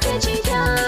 别计较。